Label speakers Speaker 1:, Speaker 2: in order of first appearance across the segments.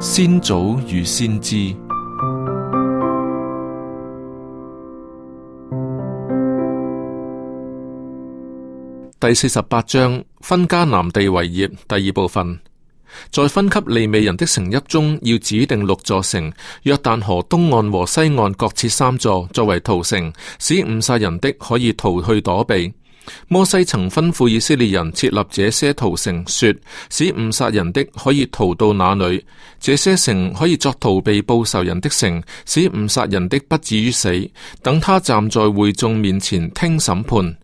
Speaker 1: 先祖與先知第四十八章分迦南地為業第二部分，在分給利未人的城邑中，要指定六座城，約旦河東岸和西岸各設三座作為逃城，使誤殺人的可以逃去躲避。摩西曾吩咐以色列人設立這些逃城說，說使誤殺人的可以逃到那裏；這些城可以作逃避報仇人的城，使誤殺人的不至於死，等他站在會眾面前聽審判。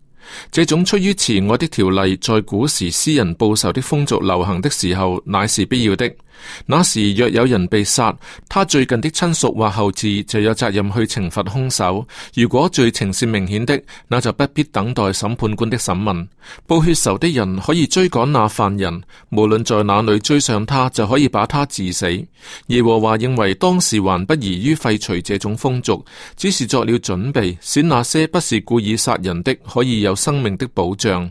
Speaker 1: 這種出於慈愛的條例，在古時私人報仇的風俗流行的時候，乃是必要的。那時若有人被殺，他最近的親屬或後嗣就有責任去懲罰兇手。如果罪情是明顯的，那就不必等待審判官的審問。報血仇的人可以追趕那犯人，無論在哪裏追上他，就可以把他致死。耶和華認為當時還不宜於廢除這種風俗，只是作了準備，選那些不是故意殺人的，可以有生命的保障。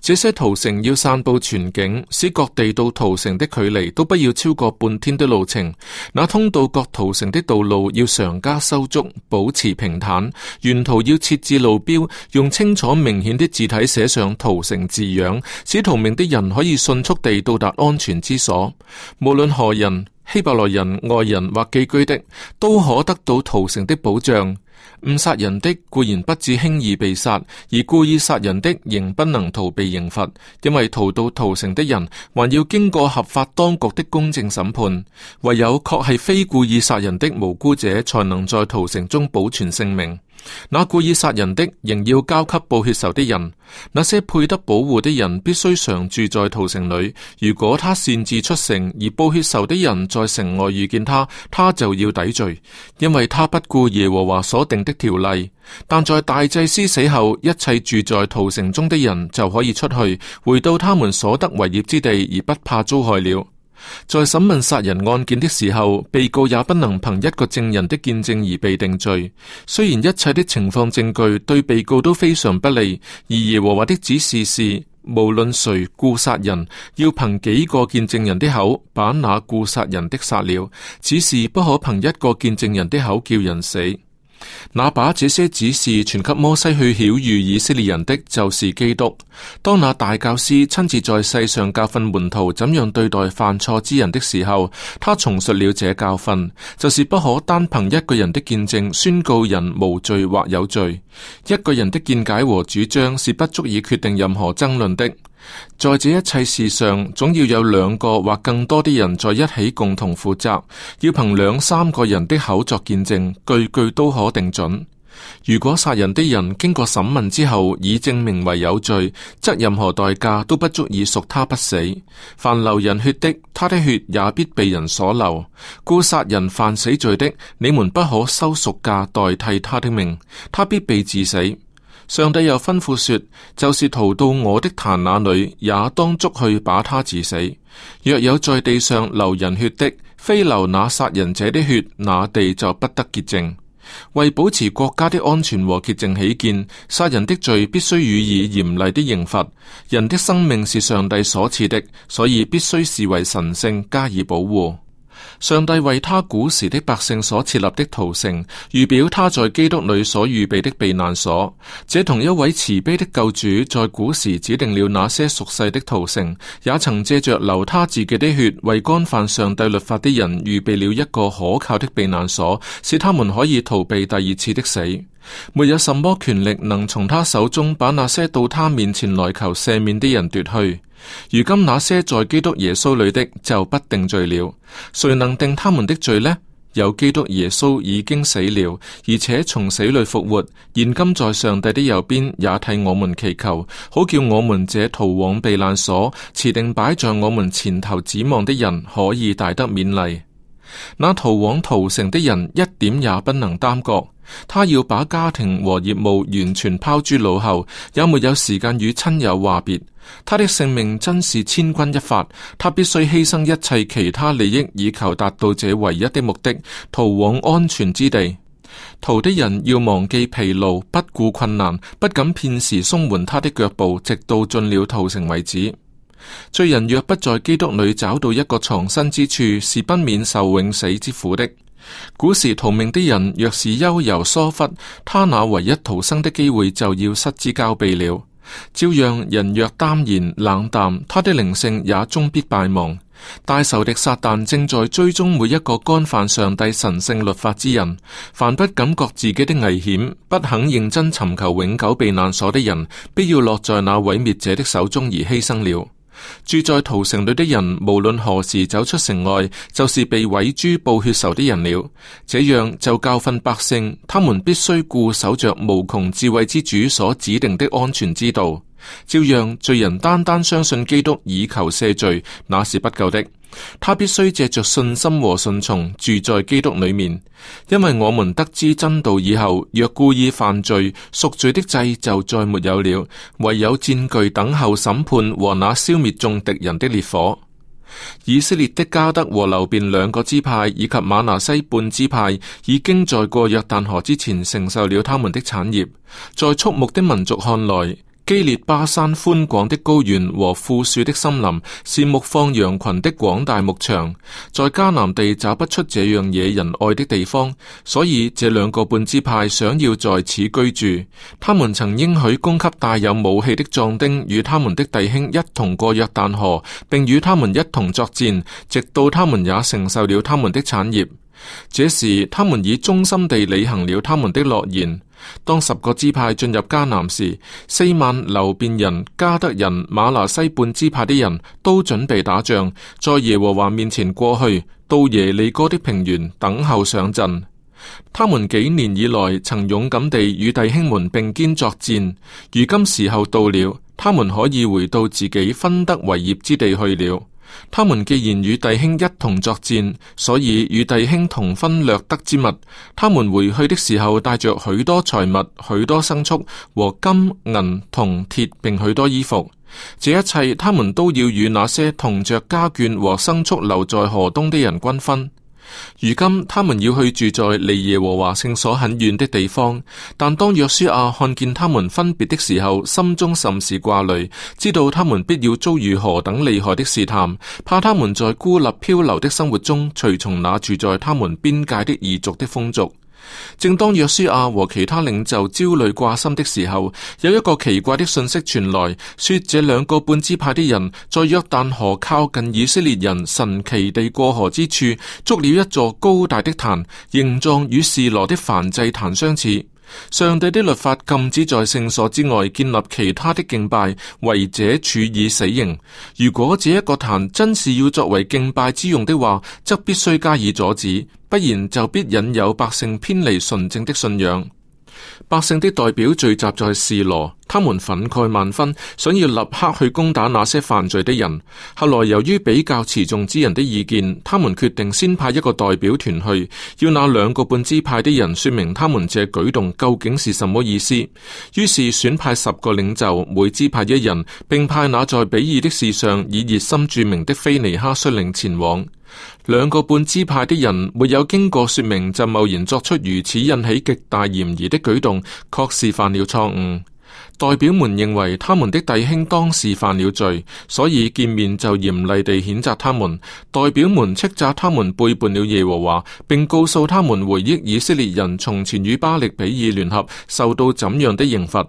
Speaker 1: 這些逃城要散布全境，使各地到逃城的距離都不要超過半天的路程。那通到各逃城的道路要常加修築，保持平坦。沿途要設置路標，用清楚明顯的字體寫上逃城字樣，使逃命的人可以迅速地到達安全之所。無論何人，希伯來人、外人或寄居的，都可得到逃城的保障。.誤殺人的固然不致輕易被殺，而故意殺人的仍不能逃避刑罰，因為逃到逃城的人，還要經過合法當局的公正審判。唯有確係非故意殺人的無辜者，才能在逃城中保存性命。那故意殺人的，仍要交給報血仇的人；那些配得保護的人，必須常住在逃城裏。如果他擅自出城，而報血仇的人在城外遇見他，他就要抵罪，因為他不顧耶和華所定的條例。但在大祭司死後，一切住在逃城中的人就可以出去，回到他們所得為業之地，而不怕遭害了。在審問殺人案件的時候，被告也不能憑一個證人的見證而被定罪。雖然一切的情況證據對被告都非常不利，而耶和華的指示是，無論誰故殺人，要憑幾個見證人的口把那故殺人的殺了，只是不可憑一個見證人的口叫人死。那把這些指示傳給摩西去曉諭以色列人的，就是基督。當那大教師親自在世上教訓門徒怎樣對待犯錯之人的時候，他重述了這教訓，就是不可單憑一個人的見證宣告人無罪或有罪。一個人的見解和主張是不足以決定任何爭論的。在這一切事上，總要有兩個或更多的人在一起共同負責，要憑兩三個人的口作見證，句句都可定準。如果殺人的人經過審問之後，已證明為有罪，則任何代價都不足以贖他不死。凡流人血的，他的血也必被人所流。故殺人犯死罪的，你們不可收贖價代替他的命，他必被致死。上帝又吩咐說：就是逃到我的壇那裏，也當捉去把他治死。若有在地上流人血的，非流那殺人者的血，那地就不得潔淨。為保持國家的安全和潔淨起見，殺人的罪必須予以嚴厲的刑罰。人的生命是上帝所賜的，所以必須視為神聖加以保護。上帝為他古時的百姓所設立的逃城，預表他在基督裏所預備的避難所。這同一位慈悲的救主在古時指定了那些屬世的逃城，也曾借着流他自己的血，為干犯上帝律法的人預備了一個可靠的避難所，使他們可以逃避第二次的死。沒有什麼權力能從他手中把那些到他面前來求赦免的人奪去。如今那些在基督耶穌裏的就不定罪了。誰能定他們的罪呢？有基督耶穌已經死了，而且從死裏復活，現今在上帝的右邊，也替我們祈求，好叫我們這逃往避難所、持定擺在我們前頭指望的人，可以大得勉勵。那逃往逃城的人，一點也不能耽擱。他要把家庭和業務完全拋諸腦後，也沒有時間與親友話別。他的性命真是千鈞一髮，他必須犧牲一切其他利益，以求達到這唯一的目的：逃往安全之地。逃的人要忘記疲勞，不顧困難，不敢片時鬆緩他的腳步，直到進了逃城為止。罪人若不在基督裏找到一個藏身之處，是不免受永死之苦的。古時逃命的人，若是悠游疏忽，他那唯一逃生的機會就要失之交臂了。照樣，人若淡然冷淡，他的靈性也終必敗亡。大仇敵撒旦正在追蹤每一個干犯上帝神聖律法之人。凡不感覺自己的危險，不肯認真尋求永久避難所的人，必要落在那毀滅者的手中而犧牲了。住在屠城裏的人，無論何時走出城外，就是被毀珠報血仇的人了。這樣就教訓百姓，他們必須固守着無窮智慧之主所指定的安全之道。照樣，罪人單，單單相信基督以求赦罪，那是不夠的。他必須借着信心和信從住在基督裏面，因為我們得知真道以後，若故意犯罪，贖罪的祭就再沒有了，唯有戰懼等候審判和那消滅眾敵人的烈火。以色列的加德和流便兩個支派，以及瑪拿西半支派，已經在過約旦河之前承受了他們的產業，在畜牧的民族看來。基列巴山寬廣的高原和富庶的森林是牧放羊群的廣大牧場，在迦南地找不出這樣惹人愛的地方，所以這兩個半支派想要在此居住。他們曾應許供給帶有武器的壯丁與他們的弟兄一同過約旦河，並與他們一同作戰，直到他們也承受了他們的產業。這時，他們已忠心地履行了他們的諾言。當十個支派進入迦南時，四萬流便人、加德人、馬拿西半支派的人都準備打仗，在耶和華面前過去到耶利哥的平原等候上陣。他們幾年以來曾勇敢地與弟兄們並肩作戰，如今時候到了，他們可以回到自己分得為業之地去了。他們既然與弟兄一同作戰，所以與弟兄同分掠得之物。他們回去的時候，帶着許多財物、許多牲畜和金銀銅鐵，並許多衣服。這一切，他們都要與那些同着家眷和牲畜留在河東的人均分。如今他們要去住在離耶和華聖所很遠的地方，但當約書亞看見他們分別的時候，心中甚是掛慮，知道他們必要遭遇何等厲害的試探，怕他們在孤立漂流的生活中隨從那住在他們邊界的異族的風俗。正當約書亞和其他領袖焦慮掛心的時候，有一個奇怪的信息傳來，說這兩個半支派的人在約旦河靠近以色列人神奇地過河之處，築了一座高大的壇，形狀與示羅的燔祭壇相似。上帝的律法禁止在聖所之外建立其他的敬拜，違者處以死刑。如果這一個壇真是要作為敬拜之用的話，則必須加以阻止，不然就必引誘百姓偏離純正的信仰。百姓的代表聚集在示羅。他們憤慨萬分，想要立刻去攻打那些犯罪的人。後來由於比較持重之人的意見，他們決定先派一個代表團去，要那兩個半支派的人說明他們這舉動究竟是什麼意思。於是選派十個領袖，每支派一人，並派那在比爾的事上以熱心著名的菲尼哈率領前往。兩個半支派的人沒有經過說明就貿然作出如此引起極大嫌疑的舉動，確是犯了錯誤。代表們認為他們的弟兄當時犯了罪，所以見面就嚴厲地譴責他們。代表們斥責他們背叛了耶和華，並告訴他們回憶以色列人從前與巴力比爾聯合受到怎樣的刑罰。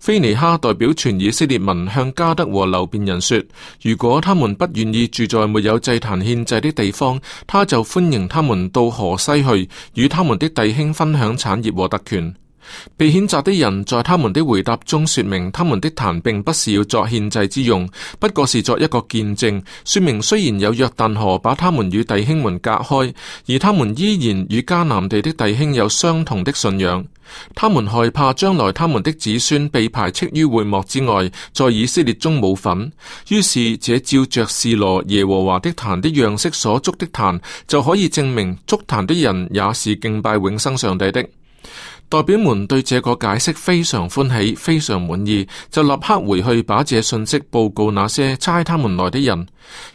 Speaker 1: 菲尼哈代表全以色列民向加德和流便人說：如果他們不願意住在沒有祭壇獻祭的地方，他就歡迎他們到河西去，與他們的弟兄分享產業和特權。被譴責的人在他們的回答中說明，他們的壇並不是要作獻祭之用，不過是作一個見證，說明雖然有約旦河把他們與弟兄們隔開，而他們依然與迦南地的弟兄有相同的信仰。他們害怕將來他們的子孫被排斥於會幕之外，在以色列中冇份。於是，這照着示羅耶和華的壇的樣式所築的壇，就可以證明築壇的人也是敬拜永生上帝的。代表們對這個解釋非常歡喜，非常滿意，就立刻回去把這信息報告那些差他們來的人。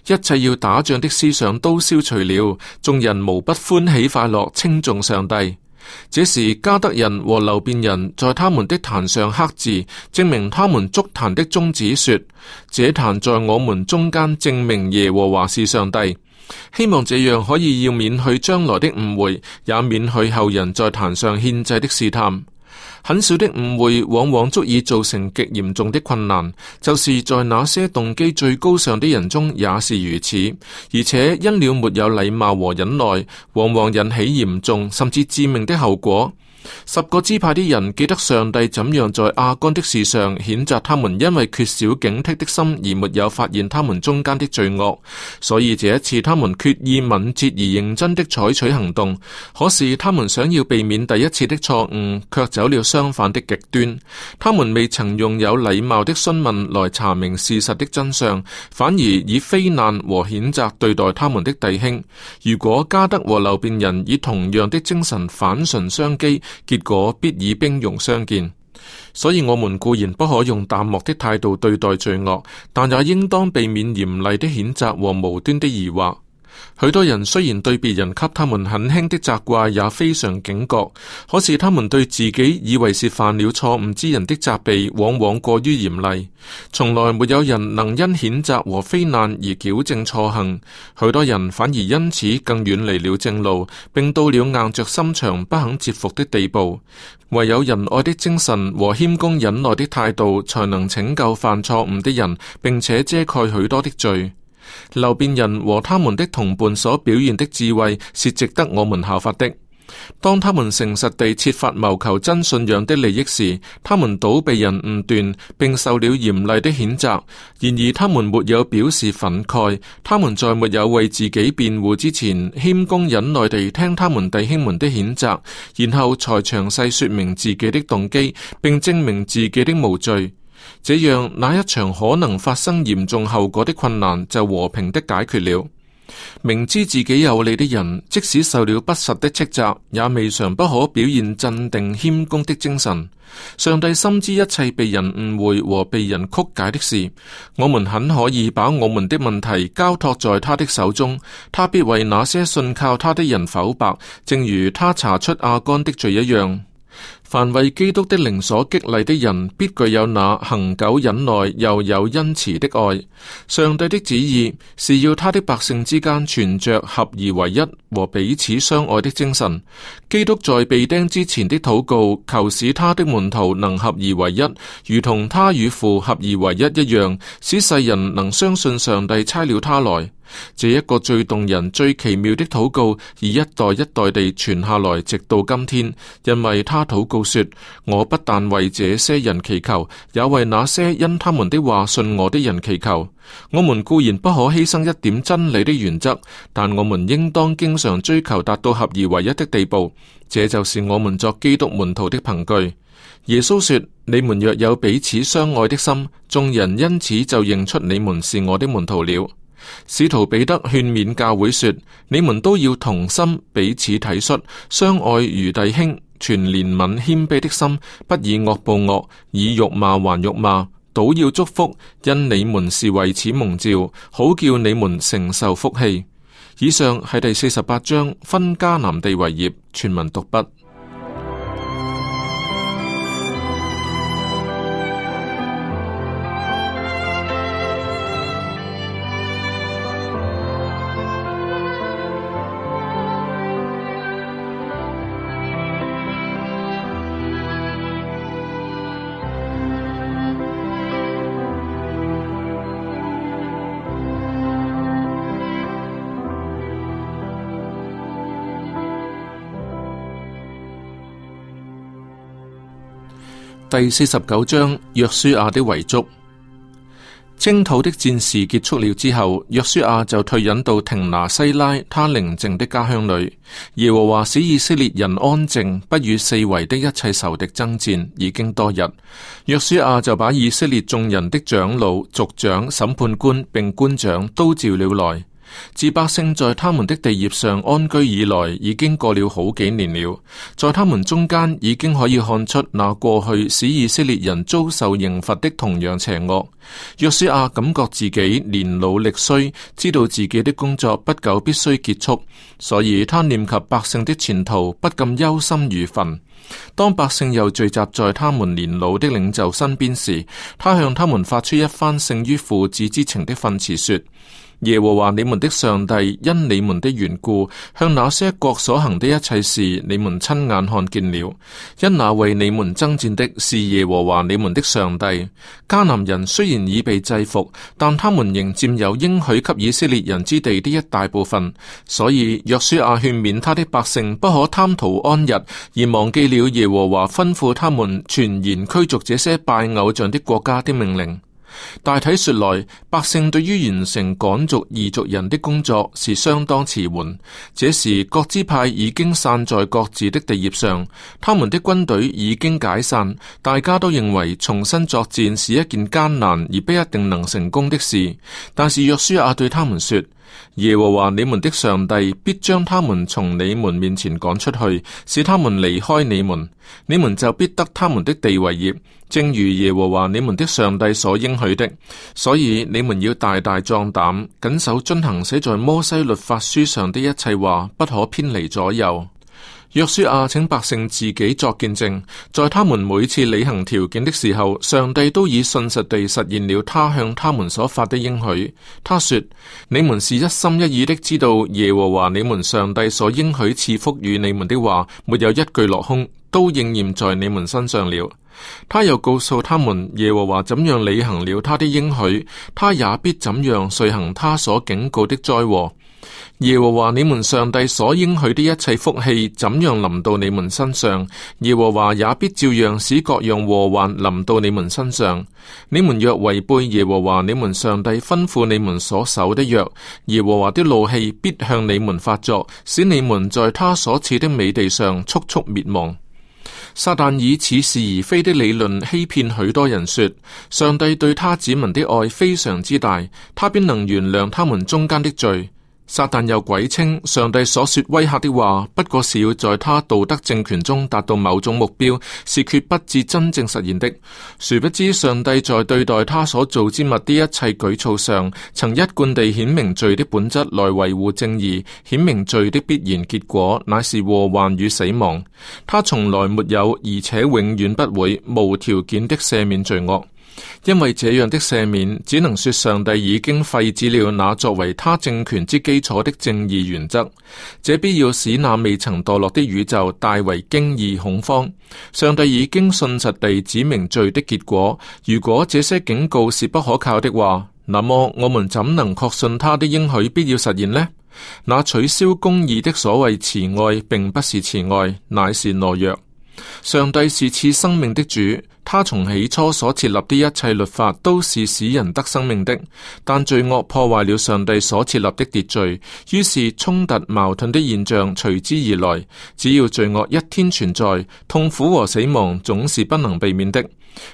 Speaker 1: 一切要打仗的思想都消除了，眾人無不歡喜快樂，稱頌上帝。這時加得人和流便人在他們的壇上刻字，證明他們築壇的宗旨，說：這壇在我們中間證明耶和華是上帝。希望這樣可以要免去將來的誤會，也免去後人在壇上獻祭的試探。很小的誤會，往往足以造成極嚴重的困難，就是在那些動機最高尚的人中也是如此。而且因了沒有禮貌和忍耐，往往引起嚴重甚至致命的後果。十個支派的人記得上帝怎樣在亞干的事上譴責他們，因為缺少警惕的心而沒有發現他們中間的罪惡。所以這一次他們決意敏捷而認真的採取行動。可是他們想要避免第一次的錯誤，卻走了相反的極端。他們未曾用有禮貌的詢問來查明事實的真相，反而以非難和譴責對待他們的弟兄。如果加德和流便人以同樣的精神反唇相譏，結果必以兵戎相見，所以我們固然不可用淡漠的態度對待罪惡，但也應當避免嚴厲的譴責和無端的疑惑。許多人雖然對別人給他們很輕的責怪也非常警覺，可是他們對自己以為是犯了錯誤之人的責備，往往過於嚴厲。從來沒有人能因譴責和非難而矯正錯行，許多人反而因此更遠離了正路，並到了硬着心腸不肯折服的地步。唯有仁愛的精神和謙恭忍耐的態度，才能拯救犯錯誤的人，並且遮蓋許多的罪。流便人和他們的同伴所表現的智慧是值得我們效法的。當他們誠實地設法謀求真信仰的利益時，他們倒被人誤斷，並受了嚴厲的譴責。然而他們沒有表示憤慨，他們在沒有為自己辯護之前，謙恭忍耐地聽他們弟兄們的譴責，然後才詳細說明自己的動機，並證明自己的無罪。這樣，那一場可能發生嚴重後果的困難就和平的解決了。明知自己有理的人，即使受了不實的斥責，也未嘗不可表現鎮定謙恭的精神。上帝深知一切被人誤會和被人曲解的事，我們很可以把我們的問題交託在他的手中，他必為那些信靠他的人否白，正如他查出亞干的罪一樣。凡為基督的靈所激勵的人，必具有那恒久忍耐又有恩慈的愛。上帝的旨意，是要他的百姓之間存着合而為一和彼此相愛的精神。基督在被釘之前的禱告，求使他的門徒能合而為一，如同他與父合而為一一樣，使世人能相信上帝差了他來。這一個最動人、最奇妙的禱告，而一代一代地傳下來，直到今天。因為他禱告說：我不但為這些人祈求，也為那些因他們的話信我的人祈求。我們固然不可犧牲一點真理的原則，但我們應當經常追求達到合而為一的地步。這就是我們作基督門徒的憑據。耶穌說：你們若有彼此相愛的心，眾人因此就認出你們是我的門徒了。使徒彼得勸勉教會說：你們都要同心彼此體恤，相愛如弟兄，全憐憫謙卑的心，不以惡報惡，以辱罵還辱罵，倒要祝福，因你們是為此蒙召，好叫你們承受福氣。以上係第四十八章，分迦南地為業，全文讀畢。第四十九章，約書亞的遺囑。征討的戰事結束了之後，約書亞就退隱到廷拿西拉，他寧靜的家鄉裏。耶和華使以色列人安靜，不與四圍的一切仇敵爭戰，已經多日。約書亞就把以色列眾人的長老、族長、審判官並官長都召了來。自百姓在他們的地業上安居以來，已經過了好幾年了。在他們中間，已經可以看出那過去使以色列人遭受刑罰的同樣邪惡。約書亞感覺自己年老力衰，知道自己的工作不久必須結束，所以他念及百姓的前途，不禁憂心如焚。當百姓又聚集在他們年老的領袖身邊時，他向他們發出一番勝於父子之情的訓詞，說。耶和華你們的上帝因你們的緣故，向那些國所行的一切事，你們親眼看見了。因那為你們征戰的是耶和華你們的上帝。迦南人雖然已被制服，但他們仍佔有應許給以色列人之地的一大部分。所以約書亞勸勉他的百姓不可貪圖安逸，而忘記了耶和華吩咐他們全然驅逐這些拜偶像的國家的命令。大體說來，百姓對於完成趕逐異族人的工作是相當遲緩。這時，各支派已經散在各自的地業上，他們的軍隊已經解散，大家都認為重新作戰是一件艱難而不一定能成功的事。但是，約書亞對他們說：耶和華你們的上帝必將他們從你們面前趕出去，使他們離開你們，你們就必得他們的地為業，正如耶和華你們的上帝所應許的。所以你們要大大壯膽，謹守遵行寫在摩西律法書上的一切話，不可偏離左右。約書亞，請百姓自己作見證，在他們每次履行條件的時候，上帝都已信實地實現了他向他們所發的應許。他說：你們是一心一意的知道耶和華你們上帝所應許賜福與你們的話，沒有一句落空，都應驗在你們身上了。他又告訴他們：耶和華怎樣履行了他的應許，他也必怎樣遂行他所警告的災禍。耶和華你們上帝所應許的一切福氣，怎樣臨到你們身上，耶和華也必照樣使各樣禍患臨到你們身上。你們若違背耶和華你們上帝吩咐你們所守的約，耶和華的怒氣必向你們發作，使你們在他所賜的美地上速速滅亡。撒旦以似是而非的理論欺騙許多人說，說上帝對他子民的愛非常之大，他便能原諒他們中間的罪。撒旦又詭稱上帝所說威嚇的話，不過是要在他道德政權中達到某種目標，是決不至真正實現的。殊不知上帝在對待他所做之物的一切舉措上，曾一貫地顯明罪的本質來維護正義，顯明罪的必然結果乃是禍患與死亡。他從來沒有，而且永遠不會無條件的赦免罪惡。因為這樣的赦免，只能說上帝已經廢止了那作為他政權之基礎的正義原則，這必要使那未曾墮落的宇宙大為驚異恐慌。上帝已經信實地指明罪的結果，如果這些警告是不可靠的話，那麼我們怎能確信他的應許必要實現呢？那取消公義的所謂慈愛，並不是慈愛，乃是懦弱。上帝是賜生命的主。他從起初所設立的一切律法，都是使人得生命的。但罪惡破壞了上帝所設立的秩序，於是衝突、矛盾的現象隨之而來。只要罪惡一天存在，痛苦和死亡總是不能避免的。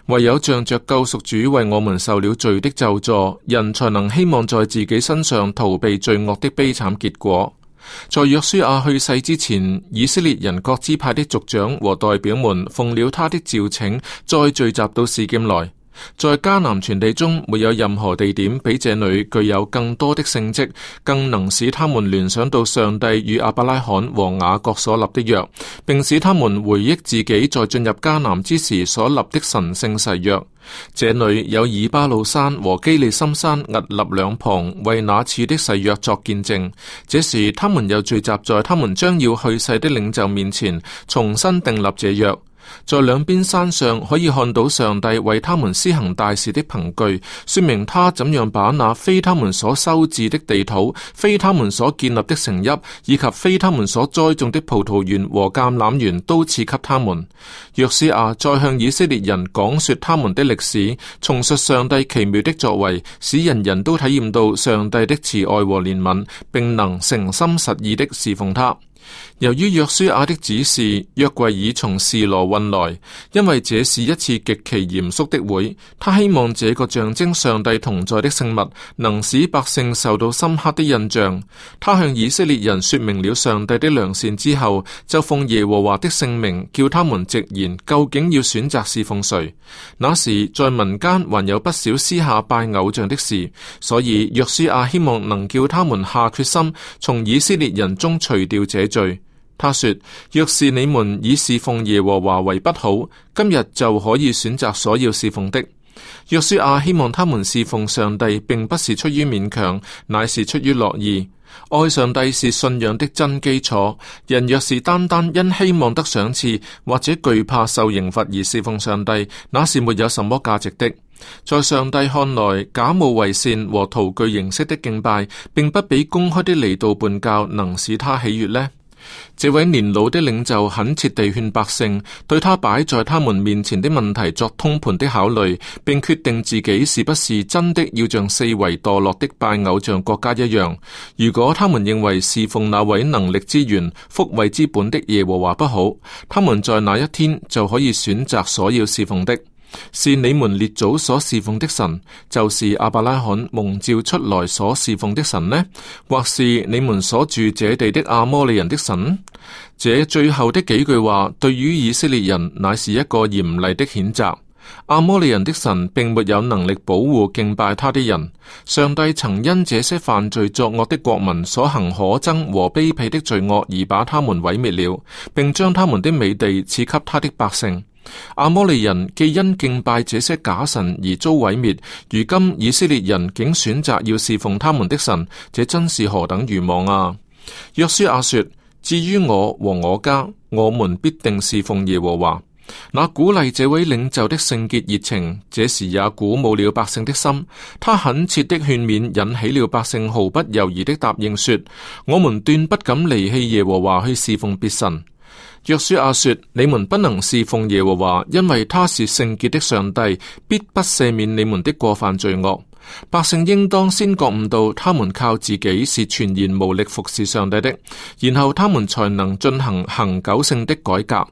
Speaker 1: 唯有仗着救贖主為我們受了罪的咒詛，人才能希望在自己身上逃避罪惡的悲慘結果。在約書亞去世之前，以色列人各支派的族長和代表們奉了他的召請，再聚集到示劍來。在迦南全地中，沒有任何地點比這裏具有更多的聖迹，更能使他們聯想到上帝與亞伯拉罕和雅各所立的約，並使他們回憶自己在進入迦南之時所立的神聖誓約。這裏有以巴魯山和基利心山屹立兩旁，為那次的誓約作見證。這時，他們又聚集在他們將要去世的領袖面前，重新訂立這約。在兩邊山上可以看到上帝為他們施行大事的憑據，說明他怎樣把那非他們所修治的地土、非他們所建立的城邑，以及非他們所栽種的葡萄園和橄欖園，都賜給他們。約書亞再向以色列人講說他們的歷史，重述上帝奇妙的作為，使人人都體驗到上帝的慈愛和憐憫，並能誠心實意的侍奉他。由於約書亞的指示，約櫃已從士羅運來。因為這是一次極其嚴肅的會，他希望這個象徵上帝同在的聖物能使百姓受到深刻的印象。他向以色列人說明了上帝的良善之後，就奉耶和華的聖名叫他們直言，究竟要選擇侍奉誰。那時在民間還有不少私下拜偶像的事，所以約書亞希望能叫他們下決心從以色列人中除掉這。罪，他說：若是你們以侍奉耶和華為不好，今日就可以選擇所要侍奉的。若說亞、啊、希望他們侍奉上帝，並不是出於勉強，乃是出於樂意。愛上帝是信仰的真基礎。人若是單單因希望得賞賜或者懼怕受刑罰而侍奉上帝，那是沒有什麼價值的。在上帝看來，假冒為善和徒具形式的敬拜，並不比公開的離道叛教能使他喜悅呢？這位年老的領袖懇切地勸百姓，對他擺在他們面前的問題作通盤的考慮，並決定自己是不是真的要像四圍墮落的拜偶像國家一樣。如果他們認為侍奉那位能力之源、福惠之本的耶和華不好，他們在那一天就可以選擇所要侍奉的。是你們列祖所侍奉的神，就是亞伯拉罕蒙召出來所侍奉的神呢？或是你們所住這地的亞摩利人的神？這最後的幾句話對於以色列人乃是一個嚴厲的譴責。亞摩利人的神並沒有能力保護敬拜他的人。上帝曾因這些犯罪作惡的國民所行可憎和卑鄙的罪惡而把他們毀滅了，並將他們的美地賜給他的百姓。阿摩利人既因敬拜這些假神而遭毀滅，如今以色列人竟選擇要侍奉他們的神，這真是何等愚妄啊！約書亞說：至於我和我家，我們必定侍奉耶和華。那鼓勵這位領袖的聖潔熱情，這時也鼓舞了百姓的心。他懇切的勸勉，引起了百姓毫不猶豫的答應說：我們斷不敢離棄耶和華去侍奉別神。約書亞說：你們不能侍奉耶和華，因為他是聖潔的上帝，必不赦免你們的過犯罪惡。百姓應當先覺悟到，他們靠自己是全然無力服侍上帝的，然後他們才能進行恒久性的改革。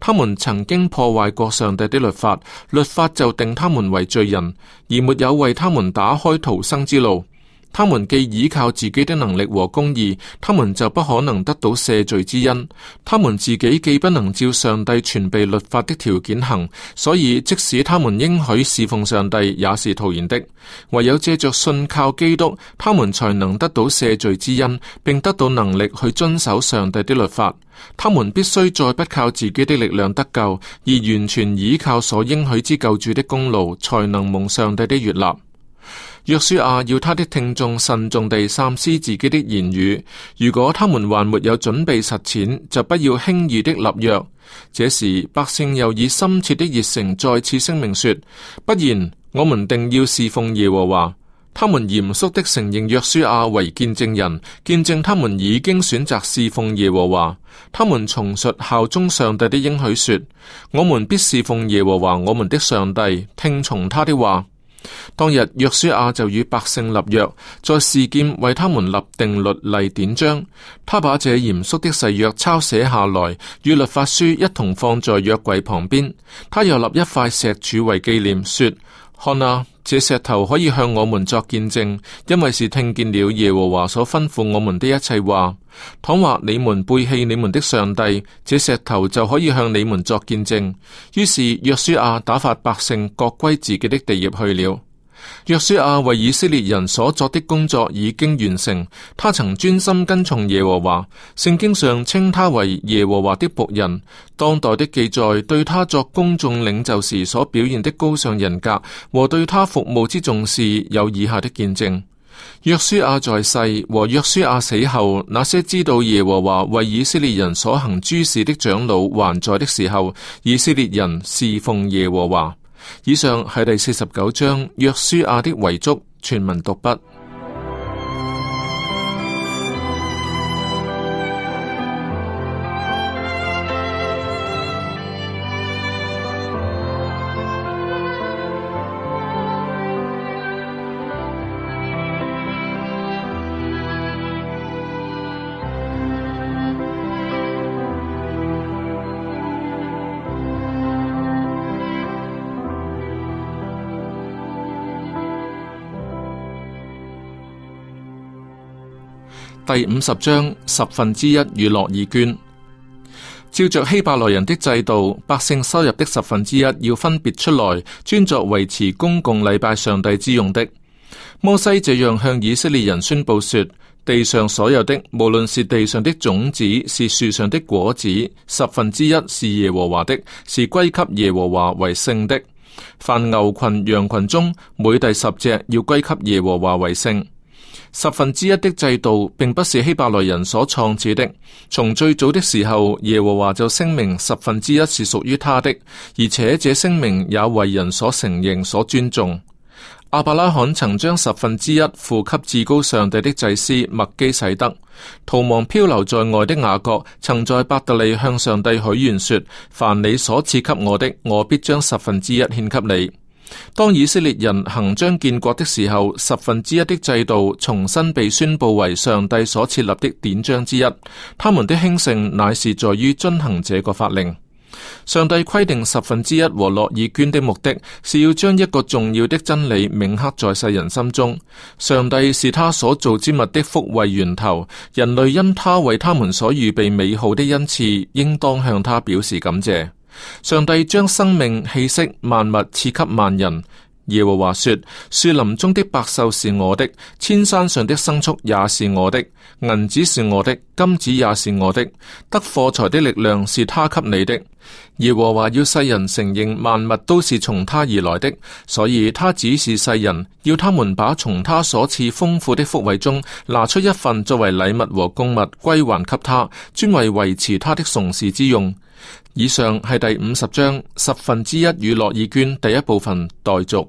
Speaker 1: 他們曾經破壞過上帝的律法，律法就定他們為罪人，而沒有為他們打開逃生之路。他們既倚靠自己的能力和公義，他們就不可能得到赦罪之恩。他們自己既不能照上帝全備律法的條件行，所以即使他們應許侍奉上帝，也是徒然的。唯有借着信靠基督，他們才能得到赦罪之恩，並得到能力去遵守上帝的律法。他們必須再不靠自己的力量得救，而完全倚靠所應許之救主的功勞，才能蒙上帝的悅納。約書亞要他的聽眾慎重地三思自己的言語，如果他們還沒有準備實踐，就不要輕易的立約。這時，百姓又以深切的熱誠再次聲明說：「不然，我們定要侍奉耶和華。他們嚴肅的承認約書亞為見證人，見證他們已經選擇侍奉耶和華。他們重述效忠上帝的應許，說：「我們必侍奉耶和華，我們的上帝，聽從他的話。當日約書亞就與百姓立約，在示劍為他們立定律例典章，他把這嚴肅的誓約抄寫下來，與律法書一同放在約櫃旁邊。他又立一塊石柱為紀念，說：看啊！這石頭可以向我們作見證，因為是聽見了耶和華所吩咐我們的一切話。倘若你們背棄你們的上帝，這石頭就可以向你們作見證。於是約書亞、啊、打發百姓各歸自己的地業去了。約書亞為以色列人所作的工作已經完成，他曾專心跟從耶和華，聖經上稱他為耶和華的僕人。當代的記載對他作公眾領袖時所表現的高尚人格和對他服務之重視有以下的見證：約書亞在世和約書亞死後，那些知道耶和華為以色列人所行諸事的長老還在的時候，以色列人侍奉耶和華。以上係第四十九章約書亞的遺囑全文，讀畢。第五十章十分之一與樂意捐，照着希伯來人的制度，百姓收入的十分之一要分別出來，專作維持公共禮拜上帝之用的。摩西這樣向以色列人宣布說：地上所有的，無論是地上的種子，是樹上的果子，十分之一是耶和華的，是歸給耶和華為聖的。凡牛群、羊群中每第十隻要歸給耶和華為聖。十分之一的制度，並不是希伯來人所創設的。從最早的時候，耶和華就聲明十分之一是屬於他的，而且這聲明也為人所承認、所尊重。亞伯拉罕曾將十分之一付給至高上帝的祭司麥基洗德。逃亡漂流在外的雅各，曾在伯特利向上帝許願說：凡你所賜給我的，我必將十分之一獻給你。當以色列人行將建國的時候，十分之一的制度重新被宣布為上帝所設立的典章之一。他們的興盛乃是在於遵行這個法令。上帝規定十分之一和樂意捐的目的，是要將一個重要的真理銘刻在世人心中。上帝是他所造之物的福惠源頭，人類因他為他們所預備美好的恩賜，應當向他表示感謝。上帝將生命、氣息、萬物賜給萬人。耶和華說：樹林中的百獸是我的，千山上的牲畜也是我的，銀子是我的，金子也是我的。得貨財的力量是他給你的。而和華要世人承認萬物都是從他而來的，所以他指示世人，要他們把從他所賜豐富的福位中拿出一份作為禮物和供物歸還給他，專為維持他的崇事之用。以上係第五十章十分之一與樂意捐第一部分待續。